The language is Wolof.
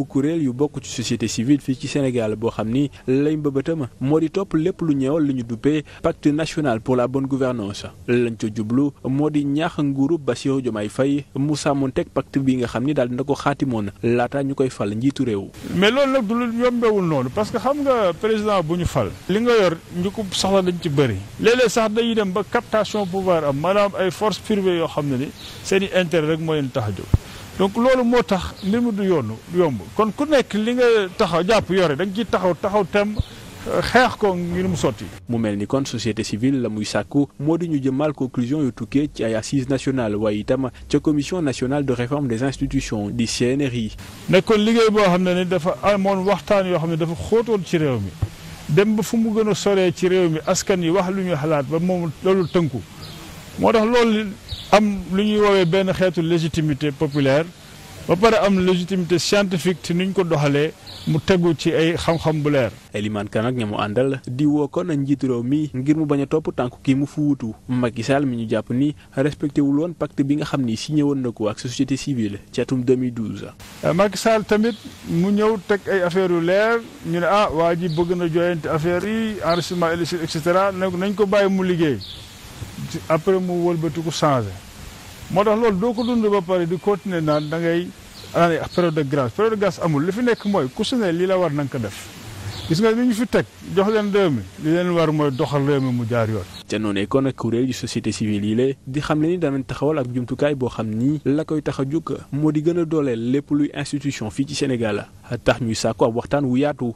bu kuréel yu bokk ci société civile fii ci Sénégal boo xam ni lañ bëbëtam moo di topp lépp lu ñëwal li ñu duppee pacte national pour la bonne gouvernance lañ ca jublu moo di ñaax nguuru Bassirou Diomaye Faye mu sàmmoon teg pacte bi nga xam ni daal dina ko xaatimoon laata ñu koy fal njiitu réew. mais loolu nag du lu yombewul noonu parce que xam nga président bu ñu fal. li nga yor ñu ko soxla ci bëri. léeg sax dañuy dem ba captation pouvoir am i intérêt rek donc loolu moo tax mbir mi du yoonu yomb kon ku nekk li nga taxaw jàpp yore da ci taxaw taxaw tem xeex ko ngir mu sotti. mu mel ni kon société civile la muy sàkku moo di ñu jëmal conclusion yu tukkee ci ay assises nationales waaye itam ca commission nationale de réforme des institutions di CNRI. nekkoon liggéey boo xam ne ni dafa amoon waxtaan yoo xam ne dafa xóotoon ci réew mi dem ba fu mu gën a soree ci réew mi askan yi wax lu ñu xalaat ba moom loolu tënku. moo tax loolu am lu ñuy woowee benn xeetu légitimité populaire ba pare am légitimité scientifique ci ni ñu ko doxalee mu tegu ci ay xam-xam bu leer. Eliman Kan ak ña mu àndal di woo ko na njiitu réew mi ngir mu bañ a topp tànk kii mu fu wutu Macky Sall mi ñu jàpp nii respecté wul woon pacte bi nga xam ni si woon na ko ak société civile ci atum 2012. Euh, Macky Sall tamit mu ñëw teg ay affaires yu leer ñu ne ah waa ji bëgg na jooyante affaire yi enrichissement illicite et cetera nañ ko bàyyi mu liggéey. ci après mu wëlbatiku changé moo tax loolu doo ko dund ba pare di continuer naan da naan période de grâce période de grâce amul li fi nekk mooy ku su ne lii la war na ko def gis nga li ñu fi teg jox leen réew mi li leen war mooy doxal réew mu jaar yoon. ca noonu kon ak kuréel yu société civile yi la di xam ne ni danañ taxawal ak jumtukaay boo xam nii la koy tax a jóg moo di gën a dooleel lépp luy institution fii ci Sénégal tax ñuy saako ab waxtaan wu yaatu.